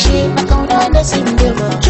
shi a kauna na singewa.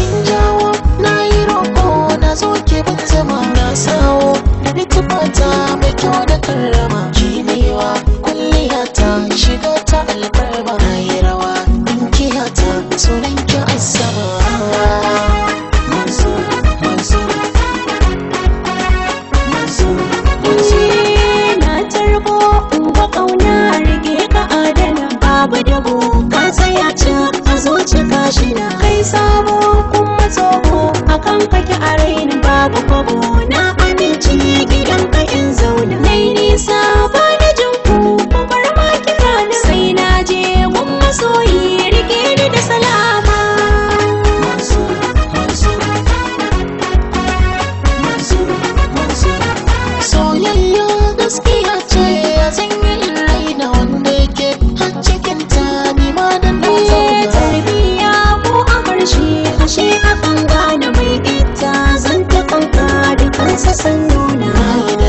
cika shi na kai sabo kuma tsoho akan kake a rainin babu kwabo 无奈。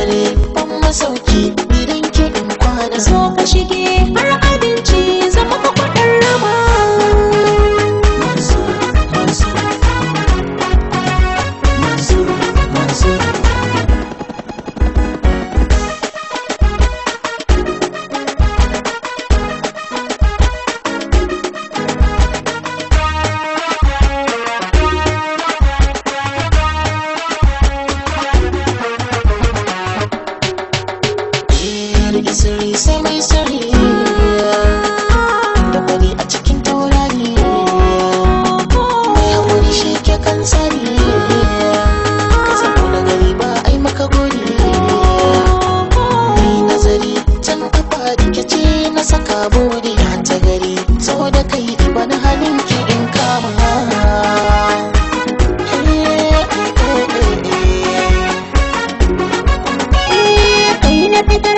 sirri sai mai sirri da kwari a cikin taurari mai haƙuri shi ke kan tsari ka zama na gari ba ai maka godi mai nazari can kafa rikici na saka buri ta gari saboda da kai ibana halin ki in kama eh, eh, eh, Thank you.